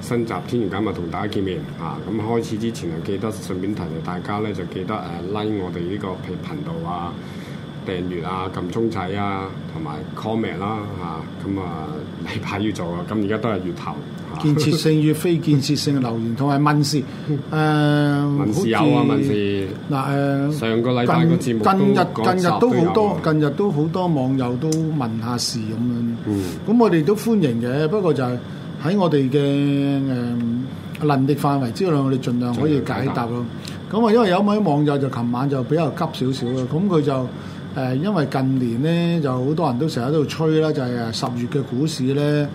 新集天玄解密同大家見面嚇，咁、啊嗯、開始之前啊，記得順便提提大家咧，就記得誒 like 我哋呢個頻道啊、訂閱啊、撳鐘仔啊，同埋 comment 啦嚇。咁啊，禮、啊、拜、嗯啊、要做啊，咁而家都係月頭。啊、建設性與非 建設性留言同埋問事誒，有啊問事。嗱、呃、誒，問上個禮拜個節目近近日都講、那個啊、近日都好多，近日都好多網友都問下事咁樣。啊啊、嗯。咁我哋都歡迎嘅，不過就係。 嗯喺我哋嘅誒能力範圍之內，我哋盡量可以解答咯。咁啊，因為有一位網友就琴晚就比較急少少嘅，咁佢就誒、呃、因為近年咧就好多人都成日喺度吹啦，就係誒十月嘅股市咧。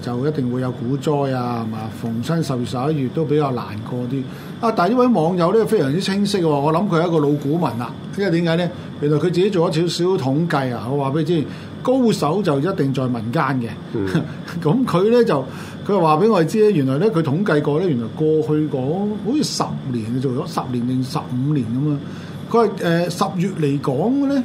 誒就一定會有股災啊，係嘛？逢親十月十一月都比較難過啲。啊，但係呢位網友咧非常之清晰喎，我諗佢係一個老股民啦、啊。因為點解咧？原來佢自己做咗少少統計啊。我話俾你知，高手就一定在民間嘅。咁佢咧就佢話俾我哋知咧，原來咧佢統計過咧，原來過去講好似十年，做咗十年定十五年咁啊。佢係誒十月嚟講咧，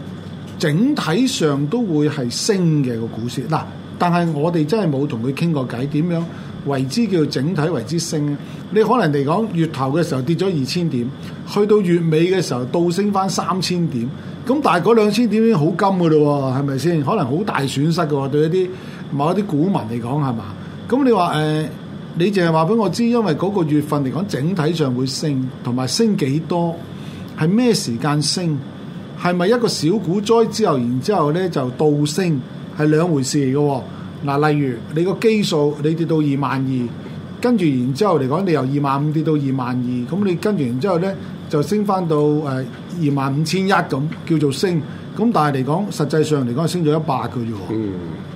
整體上都會係升嘅個股市嗱。啊。但係我哋真係冇同佢傾過偈，點樣為之叫整體為之升？你可能嚟講月頭嘅時候跌咗二千點，去到月尾嘅時候倒升返三千點。咁但係嗰兩千點已經好金㗎喇喎，係咪先？可能好大損失㗎喎，對一啲某一啲股民嚟講係嘛？咁你話誒、呃，你淨係話俾我知，因為嗰個月份嚟講整體上會升，同埋升幾多？係咩時間升？係咪一個小股災之後，然之後呢就倒升？係兩回事嚟嘅喎，嗱，例如你個基數你跌到二萬二，跟住然之後嚟講，你由二萬五跌到二萬二，咁你跟住然之後咧就升翻到誒二萬五千一咁，叫做升。咁但係嚟講，實際上嚟講，升咗一百個啫。嗯。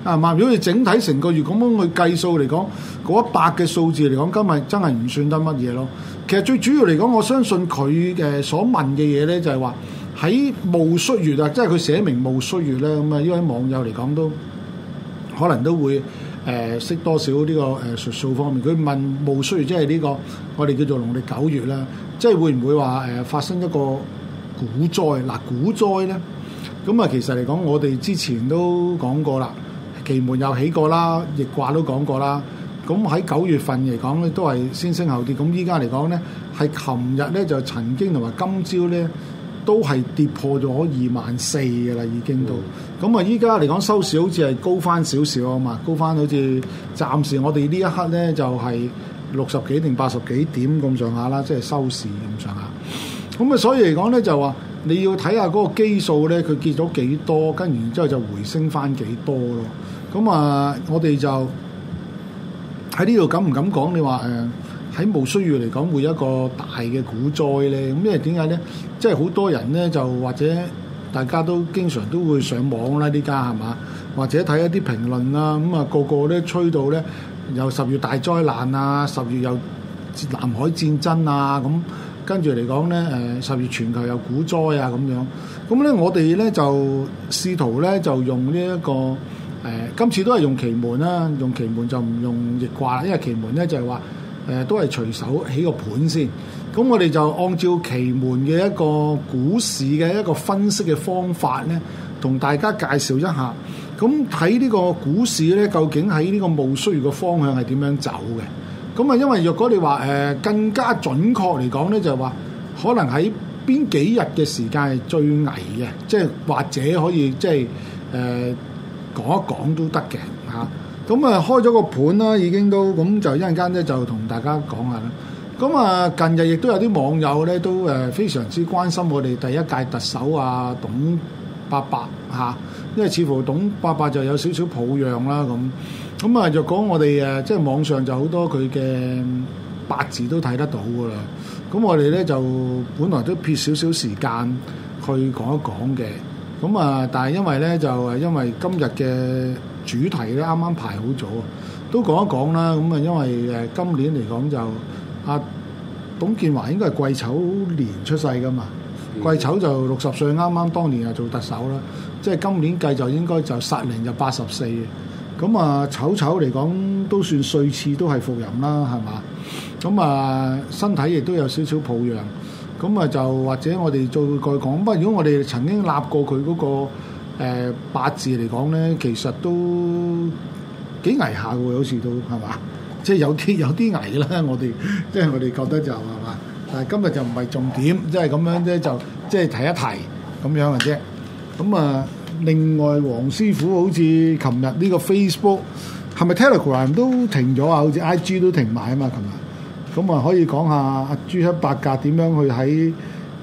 啊，如果要整體成個月咁樣去計數嚟講，嗰一百嘅數字嚟講，今日真係唔算得乜嘢咯。其實最主要嚟講，我相信佢嘅所問嘅嘢咧，就係話。喺戊戌月啊，即係佢寫明戊戌月咧，咁啊，因為網友嚟講都可能都會誒、呃、識多少呢、呢個誒、呃、術數方面。佢問戊戌月即係呢個我哋叫做農曆九月啦，即係會唔會話誒、呃、發生一個股災？嗱、呃、股災咧，咁啊，其實嚟講，我哋之前都講過啦，奇門又起過啦，易卦都講過啦。咁喺九月份嚟講咧，都係先升後跌。咁依家嚟講咧，係琴日咧就曾經同埋今朝咧，都係跌破咗二萬四嘅啦，已經都咁啊！依家嚟講收市好似係高翻少少啊嘛，高翻好似暫時我哋呢一刻咧就係六十幾定八十幾點咁上下啦，即係收市咁上下。咁啊，所以嚟講咧就話你要睇下嗰個基數咧，佢跌咗幾多，跟完之後就回升翻幾多咯。咁啊，我哋就喺呢度敢唔敢講？你話誒？呃喺無需要嚟講會有一個大嘅股災咧，咁因為點解咧？即係好多人咧就或者大家都經常都會上網啦，呢家係嘛？或者睇一啲評論啦、啊，咁、嗯、啊個個咧吹到咧，又十月大災難啊，十月又南海戰爭啊，咁跟住嚟講咧，誒、呃、十月全球又股災啊咁樣。咁、嗯、咧我哋咧就試圖咧就用呢、這、一個誒、呃，今次都係用奇門啦、啊，用奇門就唔用易卦，因為奇門咧就係話。誒都係隨手起個盤先，咁我哋就按照奇門嘅一個股市嘅一個分析嘅方法呢，同大家介紹一下。咁睇呢個股市呢，究竟喺呢個冇需要嘅方向係點樣走嘅？咁啊，因為若果你話誒、呃、更加準確嚟講呢，就係話可能喺邊幾日嘅時間係最危嘅，即係或者可以即係誒講一講都得嘅嚇。啊。咁啊、嗯，開咗個盤啦，已經都咁、嗯、就一陣間咧，就同大家講下啦。咁、嗯、啊，近日亦都有啲網友咧，都誒非常之關心我哋第一屆特首啊，董伯伯嚇、啊，因為似乎董伯伯就有少少抱恙啦咁。咁、嗯、啊，就、嗯、講我哋誒，即係網上就好多佢嘅八字都睇得到㗎啦。咁、嗯、我哋咧就本來都撇少少時間去講一講嘅。咁、嗯、啊，但係因為咧就係因為今日嘅。主題咧啱啱排好咗，都講一講啦。咁啊，因為誒今年嚟講就阿董建華應該係季丑年出世噶嘛，嗯、季丑就六十歲啱啱，剛剛當年又做特首啦。即係今年計就應該就殺零就八十四。咁啊，丑丑嚟講都算歲次都係伏吟啦，係嘛？咁啊，身體亦都有少少抱恙。咁啊，就或者我哋再過講。不過如果我哋曾經立過佢嗰、嗰個。誒、呃、八字嚟講咧，其實都幾危下嘅喎，好似都係嘛，即係有啲有啲危啦。我哋即係我哋覺得就係嘛，但係今日就唔係重點，即係咁樣啫，就即係提一提咁樣嘅啫。咁啊，另外黃師傅好似琴日呢個 Facebook 係咪 Telegram 都停咗啊？好似 IG 都停埋啊嘛，琴日。咁啊，可以講下阿朱克伯格點樣去喺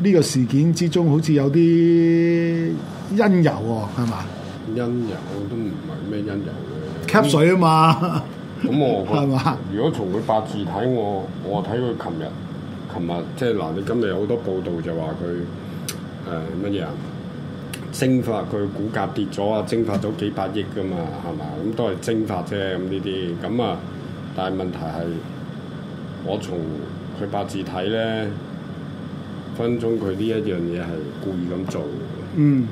呢個事件之中好，好似有啲。因由喎，係、哦、水嘛？因由都唔係咩因由吸水啊嘛。咁我，吧如果從佢八字睇我，我睇佢琴日、琴日，即係嗱，你今日有好多報道就話佢誒乜嘢啊？蒸發佢股價跌咗啊，蒸發咗幾百億㗎嘛，係嘛？咁都係蒸發啫，咁呢啲咁啊。但係問題係，我從佢八字睇咧，分鐘佢呢一樣嘢係故意咁做。嗯。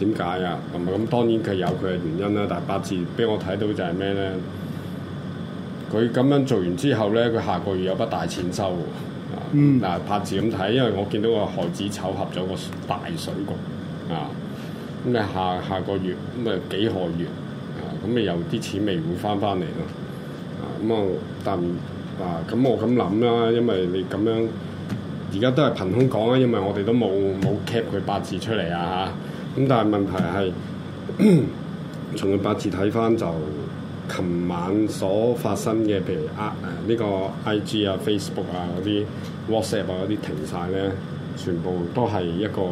點解啊？同埋咁當然佢有佢嘅原因啦。但八字俾我睇到就係咩咧？佢咁樣做完之後咧，佢下個月有筆大錢收喎。嗱、啊，嗯、八字咁睇，因為我見到個亥子丑合咗個大水局啊。咁你下下個月咁咪幾何月啊？咁咪有啲錢未會翻翻嚟咯。啊咁啊，但啊咁我咁諗啦，因為你咁樣而家都係憑空講啊，因為我哋都冇冇 cap 佢八字出嚟啊嚇。咁但係問題係， 從個八字睇翻就，琴晚所發生嘅，譬如啊誒呢、啊呢個 IG 啊、Facebook 啊嗰啲 WhatsApp 啊嗰啲停晒咧，全部都係一個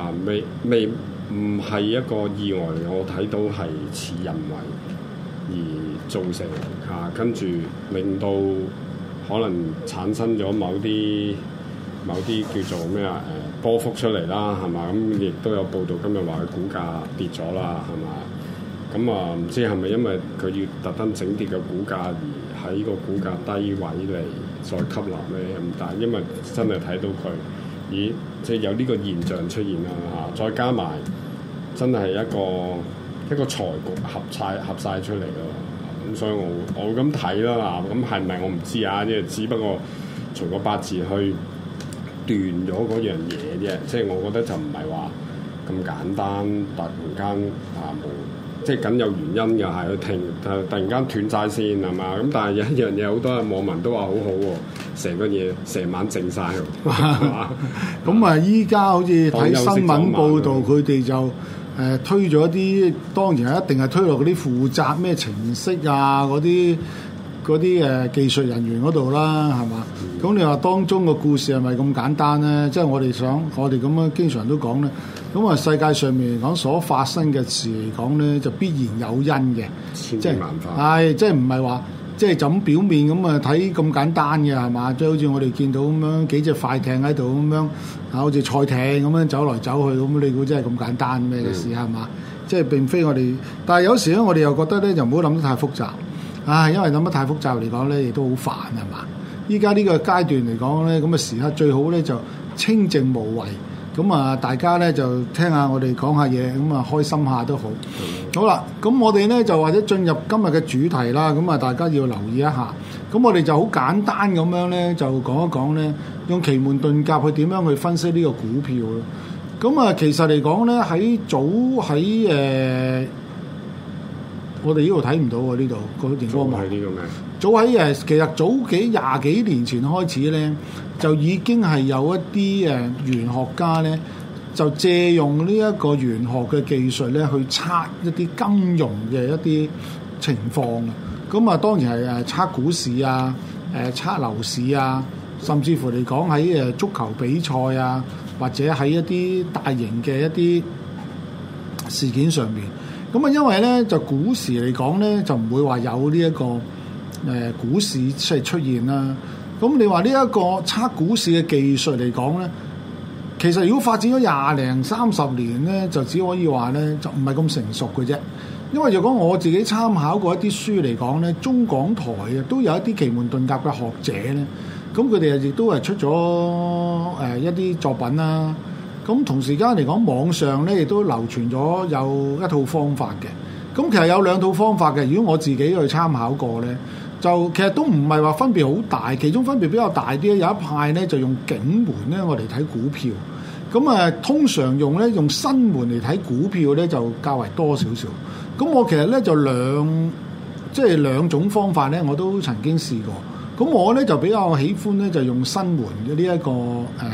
啊未未唔係一個意外，我睇到係似人為而造成，嚇跟住令到可能產生咗某啲某啲叫做咩啊誒。波幅出嚟啦，係嘛？咁亦都有報道，今日話佢股價跌咗啦，係嘛？咁啊，唔知係咪因為佢要特登整跌嘅股價，而喺個股價低位嚟再吸納咧？咁但係因為真係睇到佢，咦，即係有呢個現象出現啦嚇！再加埋真係一個一個財局合晒合晒出嚟咯，咁所以我我咁睇啦。咁係咪我唔知啊？因為只不過從個八字去。斷咗嗰樣嘢啫，即係我覺得就唔係話咁簡單，突然間啊無，即係梗有原因嘅係去停，突然間斷晒線係嘛？咁但係有一樣嘢，好多嘅網民都話好好、哦、喎，成個嘢成晚靜晒。咁 啊，依家好似睇新聞報導，佢哋就誒、呃、推咗啲，當然係一定係推落嗰啲負責咩程式啊嗰啲。嗰啲誒技術人員嗰度啦，係嘛？咁你話當中個故事係咪咁簡單咧？即係我哋想，我哋咁樣經常都講咧。咁啊，世界上面嚟講所發生嘅事嚟講咧，就必然有因嘅，即係萬化。係，即係唔係話即係就咁表面咁啊睇咁簡單嘅係嘛？即係好似我哋見到咁樣幾隻快艇喺度咁樣啊，好似賽艇咁樣走來走去咁，你估真係咁簡單咩嘅事係嘛？即係、嗯、並非我哋，但係有時咧，我哋又覺得咧，就唔好諗得太複雜。啊，因為諗得太複雜嚟講咧，亦都好煩係嘛。依家呢個階段嚟講咧，咁嘅時刻最好咧就清靜無為。咁啊，大家咧就聽，聽我下我哋講下嘢，咁啊開心下都好。嗯、好啦，咁我哋咧就或者進入今日嘅主題啦。咁啊，大家要留意一下。咁我哋就好簡單咁樣咧，就講一講咧，用奇門遁甲去點樣去分析呢個股票咯。咁啊，其實嚟講咧，喺早喺誒。呃我哋呢度睇唔到喎，呢度個電腦。放呢度。名。早喺誒，其實早幾廿幾年前開始咧，就已經係有一啲誒玄學家咧，就借用呢一個玄學嘅技術咧，去測一啲金融嘅一啲情況。咁啊，當然係誒測股市啊，誒測樓市啊，甚至乎嚟講喺誒足球比賽啊，或者喺一啲大型嘅一啲事件上面。咁啊，因為咧就古時嚟講咧，就唔會話有呢一個誒股市即係、這個呃、出現啦。咁你話呢一個測股市嘅技術嚟講咧，其實如果發展咗廿零三十年咧，就只可以話咧就唔係咁成熟嘅啫。因為如果我自己參考過一啲書嚟講咧，中港台啊都有一啲奇門遁甲嘅學者咧，咁佢哋亦都係出咗誒、呃、一啲作品啦、啊。咁同時間嚟講，網上咧亦都流傳咗有一套方法嘅。咁其實有兩套方法嘅。如果我自己去參考過咧，就其實都唔係話分別好大。其中分別比較大啲咧，有一派咧就用景門咧，我嚟睇股票。咁啊，通常用咧用新門嚟睇股票咧，就較為多少少。咁我其實咧就兩即係、就是、兩種方法咧，我都曾經試過。咁我咧就比較喜歡咧，就用新門嘅呢一個誒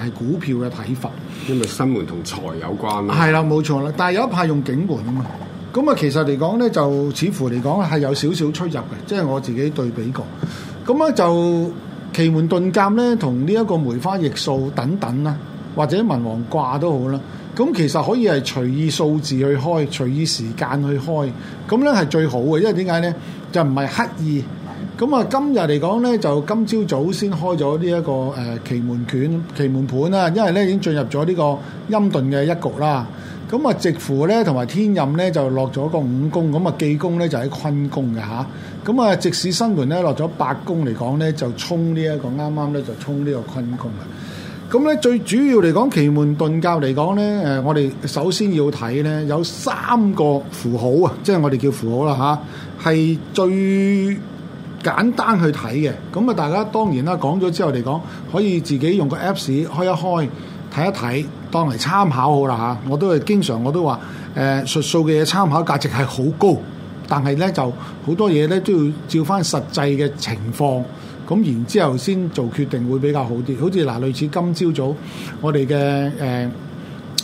係股票嘅睇法。因為生門同財有關啦，係啦，冇錯啦。但係有一派用景門啊嘛，咁啊，其實嚟講咧，就似乎嚟講係有少少出入嘅，即係我自己對比過。咁啊，就奇門遁甲咧，同呢一個梅花易數等等啦，或者文王卦都好啦。咁其實可以係隨意數字去開，隨意時間去開，咁咧係最好嘅，因為點解咧就唔係刻意。咁啊，今日嚟講咧，就今朝早先開咗呢一個誒奇門拳、奇門盤啦，因為咧已經進入咗呢個陰遁嘅一局啦。咁啊，直符咧同埋天任咧就落咗個五宮，咁啊技宮咧就喺坤宮嘅嚇。咁啊，直使生門咧落咗八宮嚟講咧，就衝呢、這、一個啱啱咧就衝呢個坤宮嘅。咁咧最主要嚟講奇門遁甲嚟講咧，誒我哋首先要睇咧有三個符號啊，即、就、係、是、我哋叫符號啦嚇，係最，簡單去睇嘅，咁啊大家當然啦，講咗之後嚟講，可以自己用個 Apps 開一開睇一睇，當嚟參考好啦嚇。我都係經常，我都話誒術數嘅嘢參考價值係好高，但係咧就好多嘢咧都要照翻實際嘅情況，咁然之後先做決定會比較好啲。好似嗱類似今朝早，早我哋嘅誒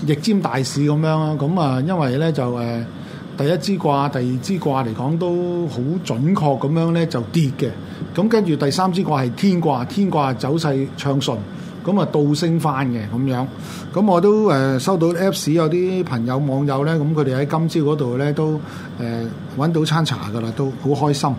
逆尖大市咁樣，樣啊。咁啊因為咧就誒。呃第一支卦、第二支卦嚟講都好準確咁樣咧，就跌嘅。咁跟住第三支卦係天卦，天卦走勢暢順，咁啊倒升翻嘅咁樣。咁我都誒、呃、收到 Apps 有啲朋友網友咧，咁佢哋喺今朝嗰度咧都誒揾、呃、到餐茶噶啦，都好開心。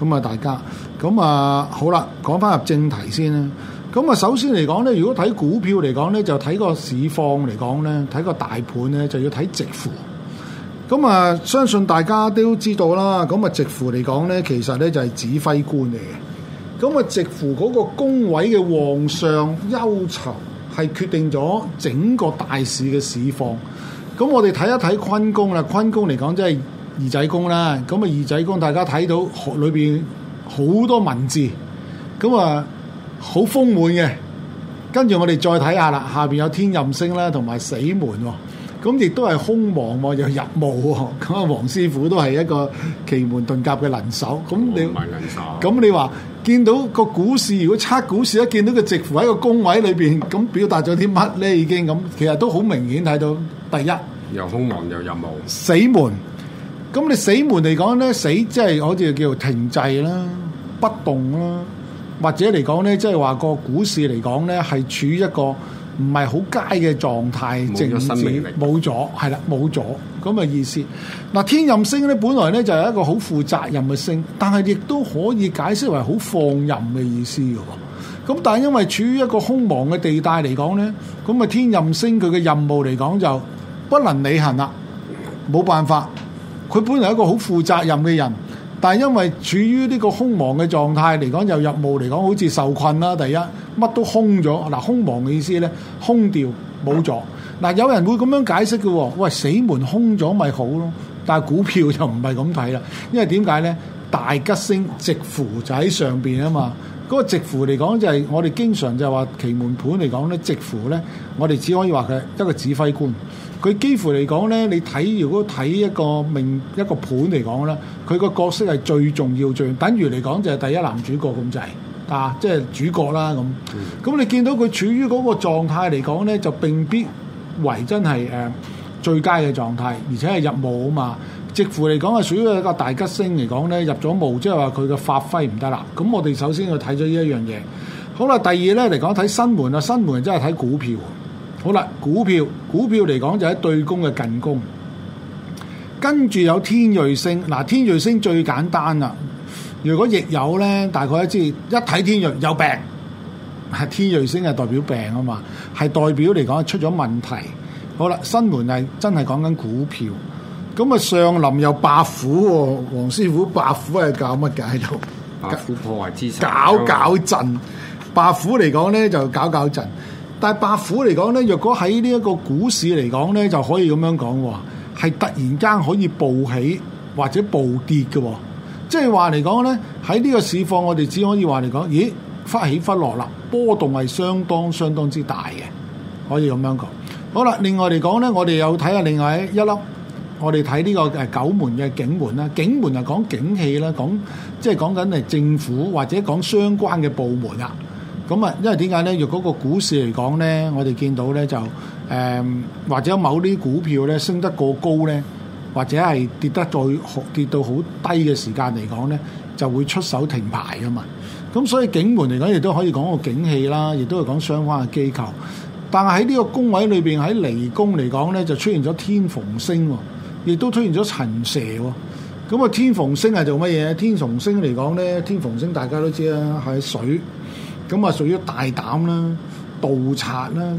咁啊大家，咁啊好啦，講翻入正題先啦。咁啊首先嚟講咧，如果睇股票嚟講咧，就睇個市況嚟講咧，睇個大盤咧，就要睇直負。咁啊，相信大家都知道啦。咁啊，值符嚟講咧，其實咧就係指揮官嚟嘅。咁啊，值符嗰個宮位嘅旺相休囚，係決定咗整個大市嘅市況。咁我哋睇一睇坤宮啦，坤宮嚟講即係二仔宮啦。咁啊，二仔宮大家睇到裏邊好多文字，咁啊，好豐滿嘅。跟住我哋再睇下啦，下邊有天任星啦，同埋死門。咁亦都係空亡又入墓，咁啊，黃師傅都係一個奇門遁甲嘅能手。咁、哦、你咁你話見到個股市，如果測股市一見到佢直符喺個宮位裏邊，咁表達咗啲乜咧？已經咁，其實都好明顯睇到第一。又空亡又入墓。死門。咁你死門嚟講咧，死即係好似叫停滯啦，不動啦，或者嚟講咧，即係話個股市嚟講咧，係處於一個唔係好佳嘅狀態，政治冇咗，係啦，冇咗咁嘅意思。嗱，天任星咧，本來咧就係一個好負責任嘅星，但係亦都可以解釋為好放任嘅意思嘅。咁但係因為處於一個空亡嘅地帶嚟講咧，咁啊天任星佢嘅任務嚟講就不能履行啦，冇辦法。佢本嚟係一個好負責任嘅人。但係因為處於呢個空亡嘅狀態嚟講，又入霧嚟講，好似受困啦。第一，乜都空咗。嗱，空亡嘅意思咧，空掉冇咗。嗱，嗯、有人會咁樣解釋嘅喎。喂，死門空咗咪好咯？但係股票就唔係咁睇啦。因為點解咧？大吉星直符就喺上邊啊嘛。嗰、那個直符嚟講就係、是、我哋經常就話奇門盤嚟講咧，直符咧，我哋只可以話佢一個指揮官。佢幾乎嚟講咧，你睇如果睇一個命一個盤嚟講咧，佢個角色係最重要最重要，等於嚟講就係、是、第一男主角咁就係啊，即係主角啦咁。咁、嗯、你見到佢處於嗰個狀態嚟講咧，就並必為真係誒、呃、最佳嘅狀態，而且係入墓啊嘛。值符嚟講係屬於一個大吉星嚟講咧，入咗墓即係話佢嘅發揮唔得啦。咁我哋首先要睇咗呢一樣嘢。好啦，第二咧嚟講睇新門啊，新門真係睇股票。好啦，股票股票嚟講就喺對公嘅近攻，跟住有天瑞星，嗱天瑞星最簡單啦。如果亦有咧，大概一知一睇天瑞有病，係天瑞星係代表病啊嘛，係代表嚟講出咗問題。好啦，新門係真係講緊股票，咁啊上林有白虎，黃師傅白虎係搞乜嘢喺度？白虎破壞資產，搞搞震，搞白虎嚟講咧就搞搞震。但白虎嚟講咧，若果喺呢一個股市嚟講咧，就可以咁樣講話，係突然間可以暴起或者暴跌嘅、哦，即係話嚟講咧，喺呢個市況，我哋只可以話嚟講，咦，忽起忽落啦，波動係相當相當之大嘅，可以咁樣講。好啦，另外嚟講咧，我哋又睇下另外一粒，我哋睇呢個誒、呃、九門嘅景門啦，景門係講景氣啦，講即係講緊係政府或者講相關嘅部門啊。咁啊，因為點解咧？若果個股市嚟講咧，我哋見到咧就誒、呃，或者某啲股票咧升得過高咧，或者係跌得再跌到好低嘅時間嚟講咧，就會出手停牌噶嘛。咁所以景門嚟講，亦都可以講個景氣啦，亦都係講相關嘅機構。但係喺呢個宮位裏邊，喺離宮嚟講咧，就出現咗天蓬星，亦都出現咗辰蛇。咁啊，天蓬星係做乜嘢？天蓬星嚟講咧，天蓬星大家都知啦，係水。咁啊，屬於大膽啦、盜賊啦，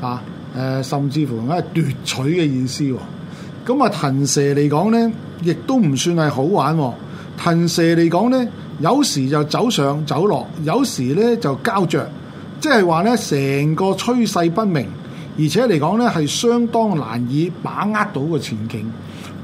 啊、呃，甚至乎同埋奪取嘅意思。咁啊，騰蛇嚟講呢，亦都唔算係好玩，哦。騰蛇嚟講呢，有時就走上走落，有時呢就膠着，即係話呢成個趨勢不明，而且嚟講呢係相當難以把握到個前景。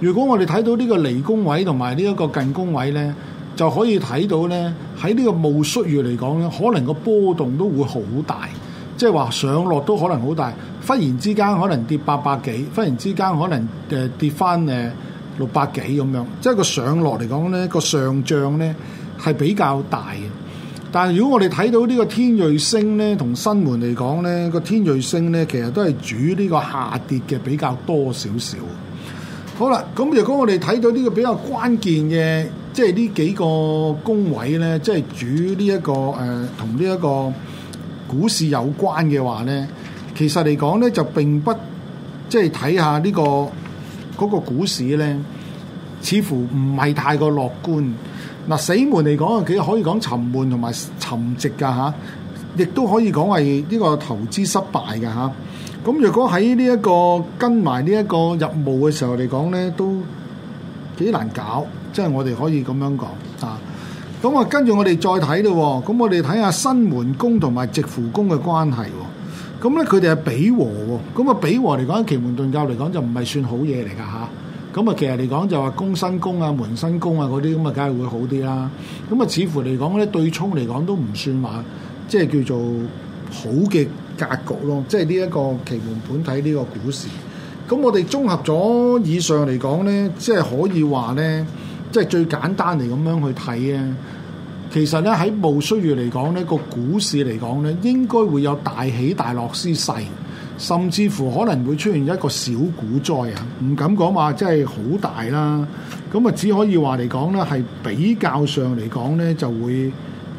如果我哋睇到呢個離宮位同埋呢一個近宮位呢。就可以睇到呢喺呢個戊戌月嚟講咧，可能個波動都會好大，即係話上落都可能好大。忽然之間可能跌八百幾，忽然之間可能誒跌翻誒六百幾咁樣。即係個上落嚟講呢個上漲呢係比較大嘅。但係如果我哋睇到呢個天瑞星呢，同新門嚟講呢個天瑞星呢，其實都係主呢個下跌嘅比較多少少。好啦，咁如果我哋睇到呢個比較關鍵嘅。即係呢幾個宮位咧，即係主呢、這、一個誒、呃、同呢一個股市有關嘅話咧，其實嚟講咧就並不即係睇下呢、這個嗰、那個股市咧，似乎唔係太過樂觀。嗱、啊，死門嚟講啊，幾可以講沉悶同埋沉寂㗎嚇，亦都可以講係呢個投資失敗㗎嚇。咁、啊、若果喺呢一個跟埋呢一個入墓嘅時候嚟講咧，都幾難搞。即係我哋可以咁樣講啊！咁啊，跟住我哋再睇咯。咁、啊嗯、我哋睇下新門宮同埋直符宮嘅關係。咁、啊、咧，佢哋係比和喎。咁啊，比和嚟講，奇門遁甲嚟講就唔係算好嘢嚟㗎嚇。咁啊，其實嚟講就話宮身宮啊、門身宮啊嗰啲咁啊，梗係會好啲啦。咁啊，似乎嚟講咧，對沖嚟講都唔算話即係叫做好嘅格局咯、啊。即係呢一個奇門盤睇呢個股市。咁、啊嗯、我哋綜合咗以上嚟講咧，即係可以話咧。即係最簡單嚟咁樣去睇啊！其實咧喺冇需要嚟講咧，個股市嚟講咧，應該會有大起大落之勢，甚至乎可能會出現一個小股災啊！唔敢講話，即係好大啦。咁啊，只可以話嚟講咧，係比較上嚟講咧，就會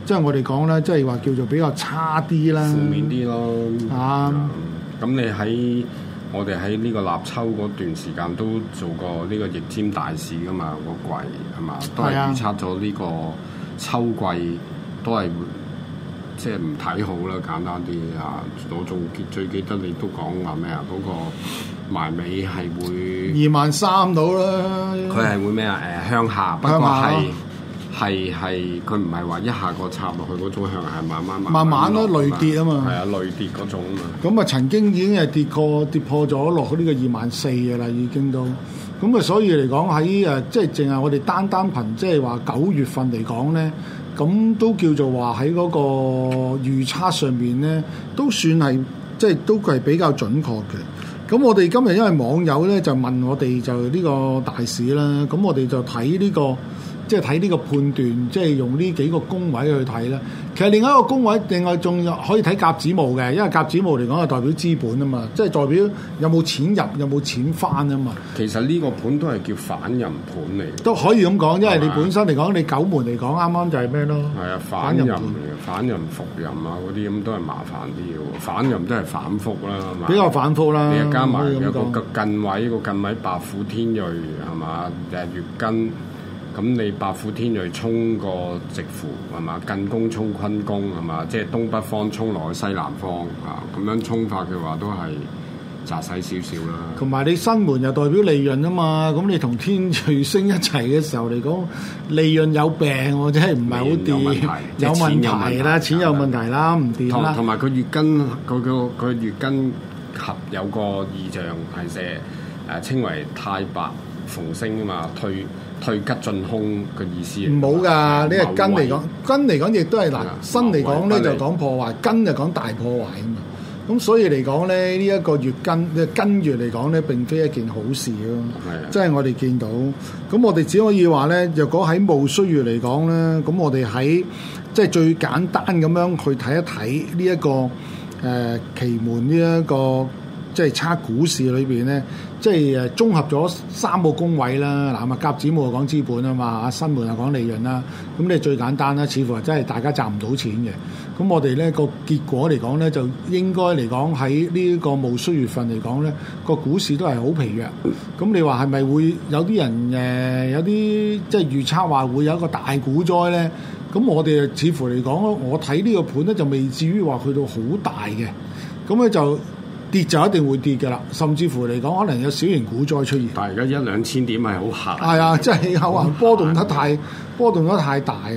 即係我哋講咧，即係話叫做比較差啲啦，負面啲咯。啊，咁你喺？我哋喺呢個立秋嗰段時間都做過呢個逆尖大市噶嘛，嗰個季係嘛，都係預測咗呢個秋季都係即係唔睇好啦，簡單啲啊！我做記最記得你都講話咩啊？嗰個埋尾係會二萬三到啦，佢係會咩啊？誒，向下不過係。係係，佢唔係話一下個插落去嗰種向，係慢慢慢慢慢慢咯，累跌啊嘛。係啊，累跌嗰種啊嘛。咁啊、嗯，曾經已經係跌過跌破咗落去呢個二萬四嘅啦，已經都。咁啊，所以嚟講喺誒，即係淨係我哋單單憑即係話九月份嚟講咧，咁都叫做話喺嗰個預測上面咧，都算係即係都係比較準確嘅。咁我哋今日因為網友咧就問我哋就呢個大市啦，咁我哋就睇呢、呢個。即係睇呢個判斷，即係用呢幾個宮位去睇啦。其實另外一個宮位，另外仲可以睇甲子墓嘅，因為甲子墓嚟講係代表資本啊嘛，即係代表有冇錢入，有冇錢翻啊嘛。其實呢個盤都係叫反吟盤嚟。都可以咁講，因為你本身嚟講，吧你九門嚟講，啱啱就係咩咯？係啊，反吟、啊、反吟伏吟啊，嗰啲咁都係麻煩啲嘢喎。反吟都係反覆啦，比較反覆啦，吧覆啦，你加埋一個近位，個近位白虎天芮係嘛？誒，月根。咁你白虎天瑞衝個直符係嘛？艮宮衝坤宮係嘛？即係東北方衝落去西南方嚇，咁樣衝法嘅話都係窄細少少啦。同埋你新門又代表利潤啊嘛，咁你同天瑞星一齊嘅時候嚟講，利潤有病、啊，或者係唔係好掂，有問題啦，有問題有錢有問題啦，唔掂。同埋佢月根佢個佢月根合有個異象係射誒，稱為太白逢星啊嘛，退。退吉進兇嘅意思唔好噶，呢個根嚟講，根嚟位講亦都係嗱，的新嚟講咧位就講破壞，根就講大破壞啊嘛。咁所以嚟講咧，呢、這、一個月根，即係根月嚟講咧，並非一件好事咯。係啊的，即係我哋見到，咁我哋只可以話咧，若果喺戊戌月嚟講咧，咁我哋喺即係最簡單咁樣去睇一睇呢一個誒、呃、奇門呢、這、一個即係測股市裏邊咧。即係誒綜合咗三個工位啦，嗱嘛甲子冇講資本啊嘛，新門又講利潤啦，咁你最簡單啦，似乎係真係大家賺唔到錢嘅。咁我哋咧個結果嚟講咧，就應該嚟講喺呢一個戊戌月份嚟講咧，個股市都係好疲弱。咁你話係咪會有啲人誒有啲即係預測話會有一個大股災咧？咁我哋似乎嚟講，我睇呢個盤咧就未至於話去到好大嘅。咁咧就。跌就一定會跌嘅啦，甚至乎嚟講，可能有小型股災出現。但係而家一兩千點係好行，係啊，真係有啊，波動得太波動得太大啊！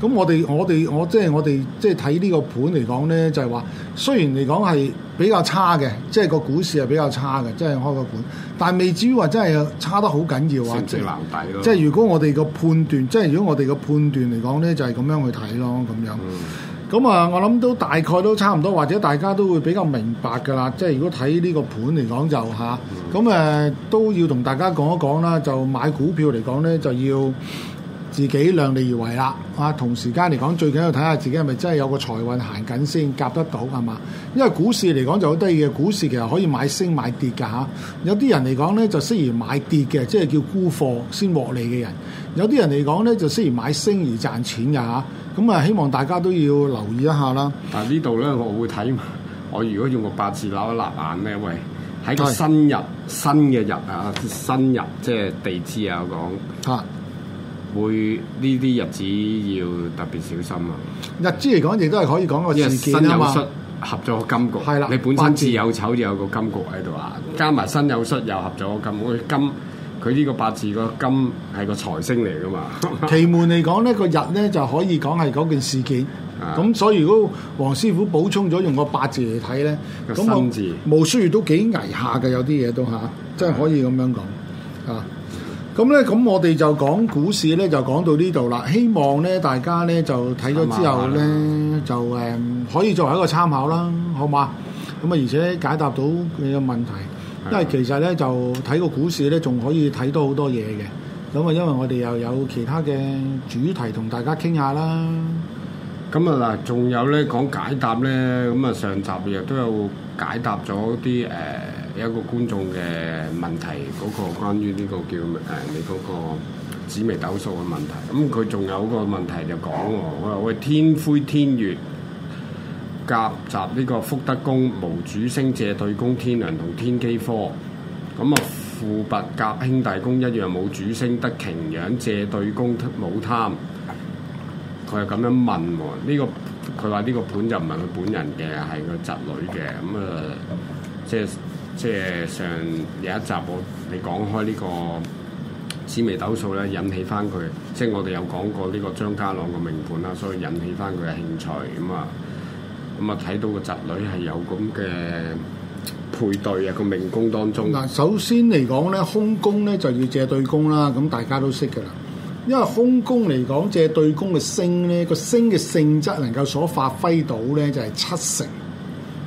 咁我哋我哋我即係我哋即係睇呢個盤嚟講咧，就係話雖然嚟講係比較差嘅，即係個股市係比較差嘅，即係開個盤，但係未至於話真係差得好緊要啊！即係如果我哋個判斷，即係如果我哋個判斷嚟講咧，就係咁樣去睇咯，咁樣。咁啊，我諗都大概都差唔多，或者大家都會比較明白㗎啦。即係如果睇呢個盤嚟講就吓，咁誒都要同大家講一講啦。就買股票嚟講咧，就要自己量力而為啦。啊，同時間嚟講，最緊要睇下自己係咪真係有個財運行緊先夾得到係嘛？因為股市嚟講就好得意嘅，股市其實可以買升買跌㗎嚇，啊。有啲人嚟講咧，就適宜買跌嘅，即係叫沽貨先獲利嘅人。有啲人嚟講咧，就雖然買升而賺錢㗎嚇，咁啊希望大家都要留意一下啦。啊，呢度咧我會睇，我如果用個八字攪一粒眼咧，喂，喺個申日對、申嘅日啊，申日，即係地支啊講，會呢啲日子要特別小心啊。日支嚟講亦都係可以講個事件，申酉戌合咗金局，字你本身巳酉丑就有個金局喺度啊，加埋申酉戌又合咗金，金。金佢呢個八字個金係個財星嚟㗎嘛 ？奇門嚟講呢個日呢就可以講係嗰件事件。咁、啊、所以如果黃師傅補充咗用個八字嚟睇呢，咁、啊、我毛書字月都幾危下嘅，有啲嘢都吓，真係可以咁樣講。啊，咁、啊、呢，咁我哋就講股市呢，就講到呢度啦。希望呢，大家呢就睇咗之後呢，吧就誒、嗯、可以作為一個參考啦，好嘛？咁啊而且解答到你嘅問題。因為其實咧就睇個股市咧，仲可以睇到好多嘢嘅。咁啊，因為我哋又有其他嘅主題同大家傾下啦。咁啊嗱，仲有咧講解答咧，咁啊上集亦都有解答咗啲誒一個觀眾嘅問題，嗰個關於呢個叫誒、呃、你嗰個紫微斗數嘅問題。咁佢仲有個問題就講我話喂天灰天月。甲集呢個福德宮冇主星借對宮、天梁同天機科，咁啊富弼甲兄弟宮一樣冇主星得擎羊借對宮冇貪，佢係咁樣問喎。呢、這個佢話呢個盤就唔係佢本人嘅，係個侄女嘅。咁、嗯、啊、呃，即係即係上有一集我你講開個呢個紫微斗數咧，引起翻佢，即係我哋有講過呢個張家朗個命盤啦，所以引起翻佢嘅興趣咁啊。咁啊，睇到個侄女係有咁嘅配對啊，個命宮當中。嗱，首先嚟講咧，空宮咧就要借對宮啦。咁大家都識噶啦，因為空宮嚟講借對宮嘅星咧，個星嘅性質能夠所發揮到咧就係七成。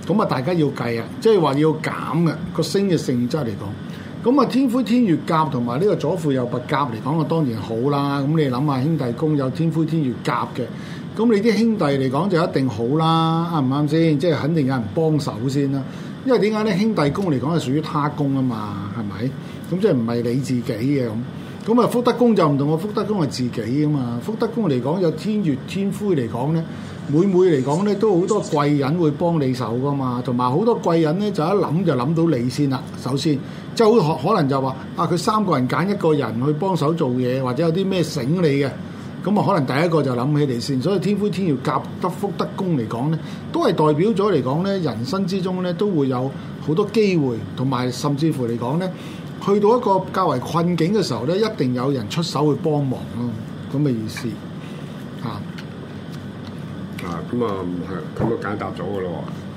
咁啊，大家要計啊，即係話要減嘅個星嘅性質嚟講。咁啊，天魁天鉞夾同埋呢個左輔右弼夾嚟講，我當然好啦。咁你諗下兄弟宮有天魁天鉞夾嘅。咁你啲兄弟嚟講就一定好啦，啱唔啱先？即係肯定有人幫手先啦。因為點解咧？兄弟宮嚟講係屬於他宮啊嘛，係咪？咁即係唔係你自己嘅咁？咁啊，福德宮就唔同，我福德宮係自己啊嘛。福德宮嚟講有天月天魁嚟講咧，每每嚟講咧都好多貴人會幫你手㗎嘛。同埋好多貴人咧就一諗就諗到你先啦。首先，即係好可能就話啊，佢三個人揀一個人去幫手做嘢，或者有啲咩醒你嘅。咁啊，可能第一個就諗起你先，所以天魁天鉞夾得福德宮嚟講咧，都係代表咗嚟講咧，人生之中咧都會有好多機會，同埋甚至乎嚟講咧，去到一個較為困境嘅時候咧，一定有人出手去幫忙咯，咁嘅意思嚇。啊，咁啊，咁啊解答咗嘅咯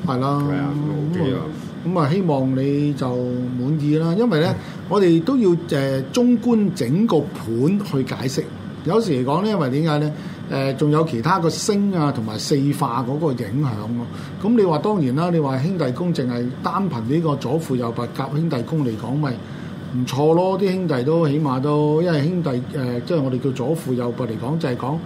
喎。係啦。係啊，冇計啦。咁啊，嗯嗯、希望你就滿意啦，因為咧，嗯、我哋都要誒、啊、中觀整個盤去解釋。有時嚟講咧，因為點解咧？誒、呃，仲有其他個星啊，同埋四化嗰個影響咯、啊。咁、嗯、你話當然啦，你話兄弟宮淨係單憑呢個左輔右弼夾兄弟宮嚟講，咪唔錯咯。啲兄弟都起碼都，因為兄弟誒、呃，即係我哋叫左輔右弼嚟講，就係、是、講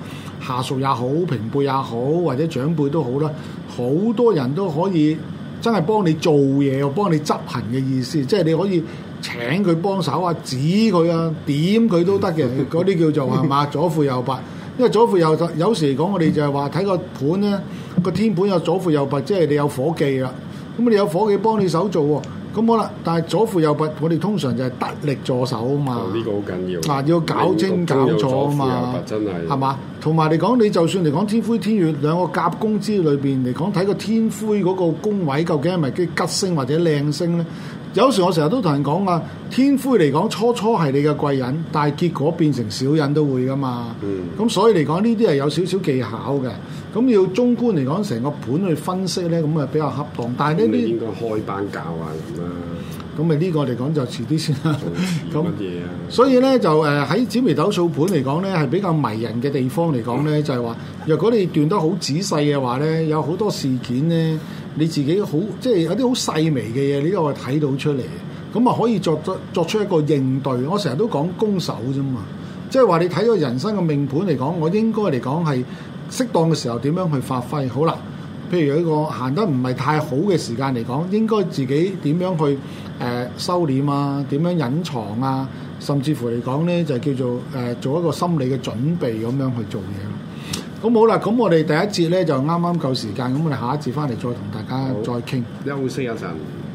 下屬也好，平輩也好，或者長輩都好啦，好多人都可以真係幫你做嘢，幫你執行嘅意思，即係你可以。請佢幫手啊，指佢啊，點佢都得嘅，嗰啲 叫做係嘛，左輔右弼，因為左輔右弼。有時嚟講，我哋就係話睇個盤咧，個天盤有左輔右弼，即係你有夥計啦，咁你有夥計幫你手做喎、哦，咁好啦。但係左輔右弼，我哋通常就係得力助手啊嘛。呢、哦呢個好緊要嗱，要搞清搞楚啊嘛。真係係嘛。同埋嚟講，你就算嚟講天魁天月兩個夾宮之裏邊嚟講，睇個天魁嗰個宮位究竟係咪既吉星或者靚星咧？有時我成日都同人講啊，天灰嚟講初初係你嘅貴人，但係結果變成小人都會㗎嘛。咁、嗯、所以嚟講呢啲係有少少技巧嘅。咁要中觀嚟講成個盤去分析咧，咁啊比較恰當。但係呢啲應該開班教啊咁啦。咁咪呢個嚟講就遲啲先啦。咁乜嘢啊？ 所以咧就誒喺、呃、紫微斗數盤嚟講咧，係比較迷人嘅地方嚟講咧， 就係話，若果你斷得好仔細嘅話咧，有好多事件咧。你自己好，即係有啲好細微嘅嘢，你都可以睇到出嚟，咁啊可以作作作出一個應對。我成日都講攻守啫嘛，即係話你睇到人生嘅命盤嚟講，我應該嚟講係適當嘅時候點樣去發揮。好啦，譬如一個行得唔係太好嘅時間嚟講，應該自己點樣去誒、呃、收斂啊，點樣隱藏啊，甚至乎嚟講咧就叫做誒、呃、做一個心理嘅準備咁樣去做嘢。咁好啦，咁我哋第一節咧就啱啱夠時間，咁我哋下一節翻嚟再同大家好再傾談。休息一陣。